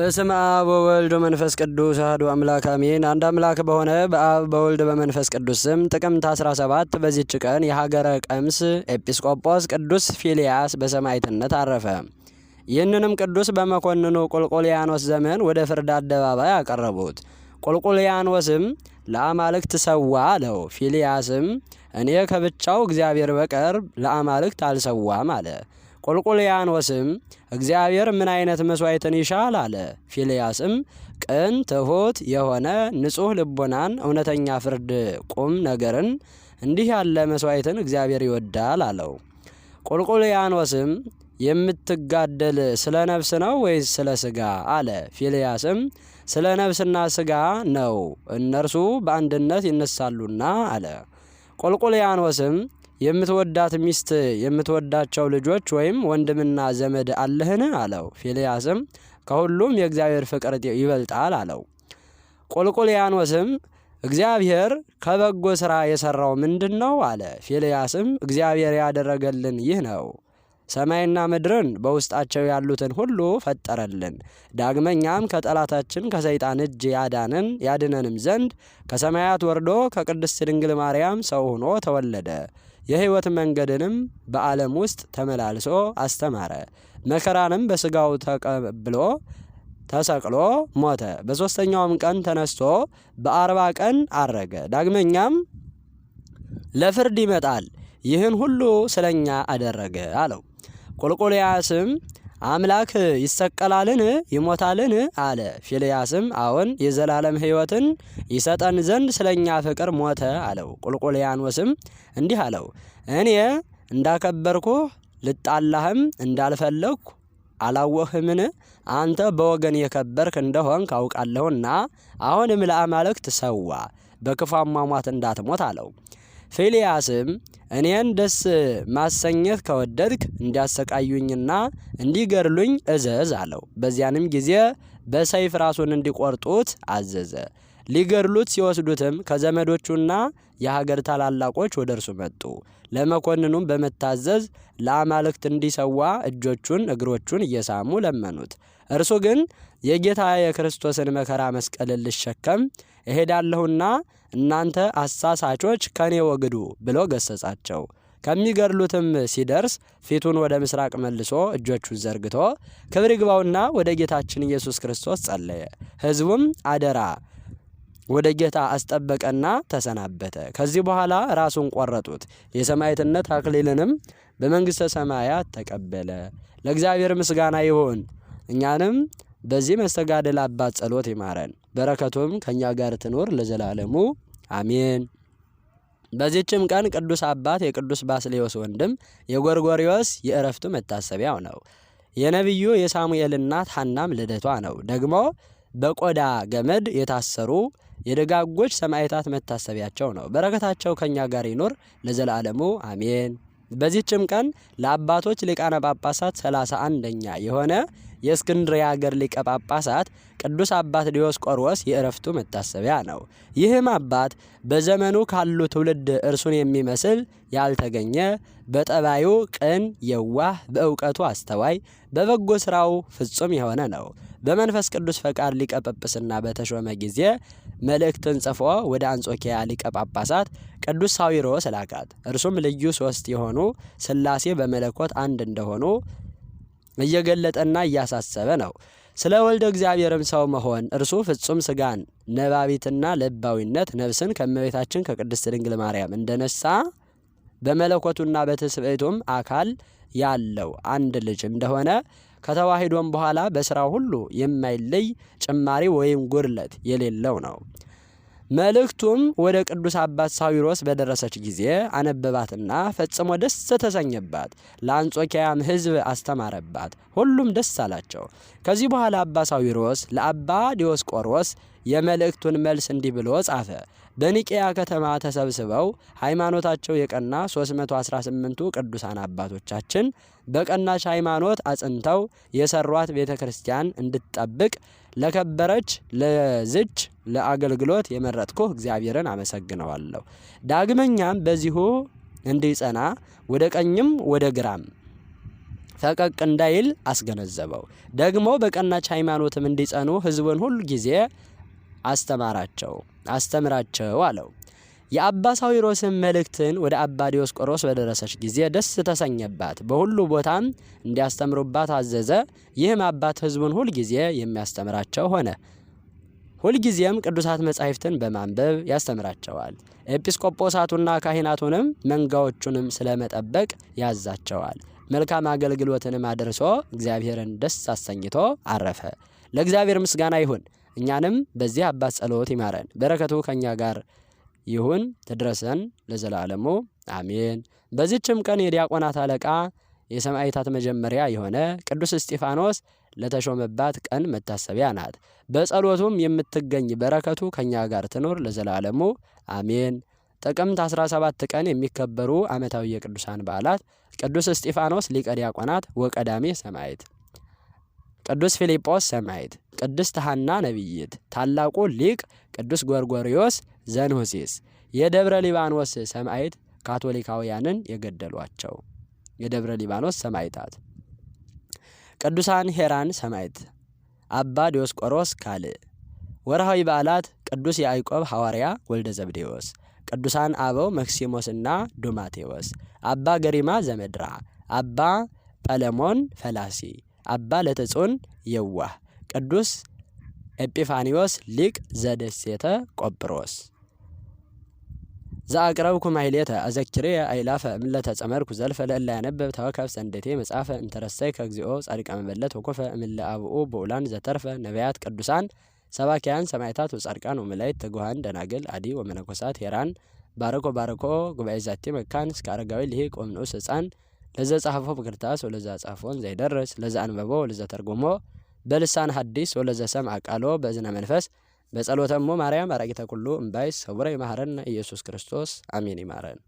በስም አብ ወወልድ ወመንፈስ ቅዱስ አህዱ አምላክ አሜን። አንድ አምላክ በሆነ በአብ በወልድ በመንፈስ ቅዱስ ስም ጥቅምት 17 በዚች ቀን የሀገረ ቀምስ ኤጲስቆጶስ ቅዱስ ፊልያስ በሰማዕትነት አረፈ። ይህንንም ቅዱስ በመኮንኑ ቁልቁልያኖስ ዘመን ወደ ፍርድ አደባባይ አቀረቡት። ቁልቁልያኖስም ለአማልክት ሰዋ አለው። ፊልያስም እኔ ከብቻው እግዚአብሔር በቀር ለአማልክት አልሰዋም አለ። ወስም እግዚአብሔር ምን አይነት መሥዋዕትን ይሻል አለ። ፊልያስም ቅን፣ ትሑት የሆነ ንጹሕ ልቦናን፣ እውነተኛ ፍርድ፣ ቁም ነገርን እንዲህ ያለ መስዋዕትን እግዚአብሔር ይወዳል አለው። ወስም የምትጋደል ስለ ነፍስ ነው ወይስ ስለ ስጋ አለ። ፊልያስም ስለ ነፍስና ስጋ ነው፣ እነርሱ በአንድነት ይነሳሉና አለ። ወስም የምትወዳት ሚስት የምትወዳቸው ልጆች ወይም ወንድምና ዘመድ አለህን? አለው። ፊልያስም ከሁሉም የእግዚአብሔር ፍቅር ይበልጣል አለው። ቆልቁልያኖስም እግዚአብሔር ከበጎ ሥራ የሠራው ምንድን ነው? አለ። ፊልያስም እግዚአብሔር ያደረገልን ይህ ነው። ሰማይና ምድርን በውስጣቸው ያሉትን ሁሉ ፈጠረልን። ዳግመኛም ከጠላታችን ከሰይጣን እጅ ያዳንን ያድነንም ዘንድ ከሰማያት ወርዶ ከቅድስት ድንግል ማርያም ሰው ሆኖ ተወለደ። የሕይወት መንገድንም በዓለም ውስጥ ተመላልሶ አስተማረ። መከራንም በሥጋው ተቀብሎ ተሰቅሎ ሞተ። በሦስተኛውም ቀን ተነስቶ በአርባ ቀን አረገ። ዳግመኛም ለፍርድ ይመጣል። ይህን ሁሉ ስለኛ አደረገ አለው። ቆልቆልያስም አምላክ ይሰቀላልን ይሞታልን? አለ። ፊልያስም አዎን፣ የዘላለም ሕይወትን ይሰጠን ዘንድ ስለኛ ፍቅር ሞተ አለው። ቁልቁልያኖስም እንዲህ አለው፣ እኔ እንዳከበርኩ ልጣላህም እንዳልፈለግኩ አላወህምን? አንተ በወገን የከበርክ እንደሆን ካውቃለሁና አሁንም ለአማልክት ሰዋ በክፉ አሟሟት እንዳትሞት አለው። ፊልያስም እኔን ደስ ማሰኘት ከወደድክ እንዲያሰቃዩኝና እንዲገድሉኝ እዘዝ አለው። በዚያንም ጊዜ በሰይፍ ራሱን እንዲቆርጡት አዘዘ። ሊገድሉት ሲወስዱትም ከዘመዶቹና የሀገር ታላላቆች ወደ እርሱ መጡ። ለመኮንኑም በመታዘዝ ለአማልክት እንዲሰዋ እጆቹን እግሮቹን እየሳሙ ለመኑት። እርሱ ግን የጌታ የክርስቶስን መከራ መስቀልን ልሸከም እሄዳለሁና እናንተ አሳሳቾች ከኔ ወግዱ ብሎ ገሰጻቸው። ከሚገድሉትም ሲደርስ ፊቱን ወደ ምስራቅ መልሶ እጆቹን ዘርግቶ ክብር ይግባውና ወደ ጌታችን ኢየሱስ ክርስቶስ ጸለየ። ሕዝቡም አደራ ወደ ጌታ አስጠበቀና ተሰናበተ። ከዚህ በኋላ ራሱን ቆረጡት። የሰማዕትነት አክሊልንም በመንግሥተ ሰማያት ተቀበለ። ለእግዚአብሔር ምስጋና ይሁን እኛንም በዚህ መስተጋደል አባት ጸሎት ይማረን፣ በረከቱም ከእኛ ጋር ትኖር ለዘላለሙ አሜን። በዚህችም ቀን ቅዱስ አባት የቅዱስ ባስሌዎስ ወንድም የጎርጎሪዎስ የእረፍቱ መታሰቢያው ነው። የነቢዩ የሳሙኤል እናት ሐናም ልደቷ ነው። ደግሞ በቆዳ ገመድ የታሰሩ የደጋጎች ሰማዕታት መታሰቢያቸው ነው። በረከታቸው ከእኛ ጋር ይኖር ለዘላለሙ አሜን። በዚህችም ቀን ለአባቶች ሊቃነ ጳጳሳት ሰላሳ አንደኛ የሆነ የእስክንድርያ ሀገር ሊቀ ጳጳሳት ቅዱስ አባት ዲዮስቆሮስ የእረፍቱ መታሰቢያ ነው። ይህም አባት በዘመኑ ካሉ ትውልድ እርሱን የሚመስል ያልተገኘ በጠባዩ ቅን፣ የዋህ፣ በእውቀቱ አስተዋይ፣ በበጎ ሥራው ፍጹም የሆነ ነው። በመንፈስ ቅዱስ ፈቃድ ሊቀ ጵጵስና በተሾመ ጊዜ መልእክትን ጽፎ ወደ አንጾኪያ ሊቀ ጳጳሳት ቅዱስ ሳዊሮስ ላካት። እርሱም ልዩ ሶስት የሆኑ ስላሴ በመለኮት አንድ እንደሆኑ እየገለጠና እያሳሰበ ነው። ስለ ወልደ እግዚአብሔርም ሰው መሆን እርሱ ፍጹም ስጋን ነባቢትና ለባዊነት ነፍስን ከእመቤታችን ከቅድስት ድንግል ማርያም እንደነሳ በመለኮቱና በትስብእቱም አካል ያለው አንድ ልጅ እንደሆነ ከተዋሂዶም በኋላ በሥራው ሁሉ የማይለይ ጭማሪ ወይም ጉድለት የሌለው ነው። መልእክቱም ወደ ቅዱስ አባት ሳዊሮስ በደረሰች ጊዜ አነበባትና ፈጽሞ ደስ ተሰኘባት። ለአንጾኪያም ሕዝብ አስተማረባት። ሁሉም ደስ አላቸው። ከዚህ በኋላ አባ ሳዊሮስ ለአባ ዲዮስቆሮስ የመልእክቱን መልስ እንዲህ ብሎ ጻፈ። በኒቄያ ከተማ ተሰብስበው ሃይማኖታቸው የቀና 318ቱ ቅዱሳን አባቶቻችን በቀናች ሃይማኖት አጽንተው የሰሯት ቤተ ክርስቲያን እንድትጠብቅ ለከበረች ለዝች ለአገልግሎት የመረጥኩህ እግዚአብሔርን አመሰግነዋለሁ። ዳግመኛም በዚሁ እንዲጸና ወደ ቀኝም ወደ ግራም ፈቀቅ እንዳይል አስገነዘበው። ደግሞ በቀናች ሃይማኖትም እንዲጸኑ ህዝቡን ሁል ጊዜ አስተማራቸው አስተምራቸው አለው። የአባ ሳዊሮስን መልእክትን ወደ አባ ዲዮስቆሮስ በደረሰች ጊዜ ደስ ተሰኘባት። በሁሉ ቦታም እንዲያስተምሩባት አዘዘ። ይህም አባት ሕዝቡን ሁልጊዜ የሚያስተምራቸው ሆነ። ሁልጊዜም ቅዱሳት መጻሕፍትን በማንበብ ያስተምራቸዋል። ኤጲስቆጶሳቱና ካህናቱንም መንጋዎቹንም ስለመጠበቅ ያዛቸዋል። መልካም አገልግሎትንም አድርሶ እግዚአብሔርን ደስ አሰኝቶ አረፈ። ለእግዚአብሔር ምስጋና ይሁን። እኛንም በዚህ አባት ጸሎት ይማረን። በረከቱ ከእኛ ጋር ይሁን ትድረሰን ለዘላለሙ አሜን። በዚችም ቀን የዲያቆናት አለቃ የሰማዕታት መጀመሪያ የሆነ ቅዱስ እስጢፋኖስ ለተሾመባት ቀን መታሰቢያ ናት። በጸሎቱም የምትገኝ በረከቱ ከእኛ ጋር ትኑር ለዘላለሙ አሜን። ጥቅምት 17 ቀን የሚከበሩ ዓመታዊ የቅዱሳን በዓላት፦ ቅዱስ እስጢፋኖስ ሊቀ ዲያቆናት ወቀዳሜ ሰማዕት ቅዱስ ፊልጶስ ሰማዕት፣ ቅድስት ሐና ነቢይት፣ ታላቁ ሊቅ ቅዱስ ጎርጎርዮስ ዘንሁሲስ፣ የደብረ ሊባኖስ ሰማዕት ካቶሊካውያንን የገደሏቸው የደብረ ሊባኖስ ሰማዕታት፣ ቅዱሳን ሄራን ሰማዕት፣ አባ ዲዮስቆሮስ ካልእ። ወርሃዊ በዓላት ቅዱስ ያዕቆብ ሐዋርያ ወልደ ዘብዴዎስ፣ ቅዱሳን አበው መክሲሞስና ዱማቴዎስ፣ አባ ገሪማ ዘመድራ፣ አባ ጰለሞን ፈላሲ አባ ለተጾን የዋህ ቅዱስ ኤጲፋኒዎስ ሊቅ ዘደሴተ ቆጵሮስ ዘአቅረብኩ ማይሌተ አዘኪሬ አይላፈ እምለተ ጸመርኩ ዘልፈ ለእላ ያነበብ ተወከፍ ሰንደቴ መጽሐፈ እንተረሳይ ከእግዚኦ ጻድቀ መበለት ወኮፈ እምለ አብኡ ብኡላን ዘተርፈ ነቢያት ቅዱሳን ሰባኪያን ሰማይታት ወጻድቃን ወመላይት ትጉሃን ደናግል አዲ ወመነኮሳት ሄራን ባረኮ ባረኮ ጉባኤ ዛቲ መካን እስከ አረጋዊ ልሂቅ ወምንዑስ ሕፃን ለዘ ጻሕፎ በክርታስ ወለዛ ጻፎን ዘይደርስ ለዛ አንበቦ ወለዛ ተርጎሞ በልሳን ሐዲስ ወለዛ ሰምዐ ቃሎ በእዝነ መንፈስ በጸሎተሞ ማርያም አራቂተ ኩሉ እምባይስ ኅቡረ ይመሃረነ ኢየሱስ ክርስቶስ አሜን። ይማረን።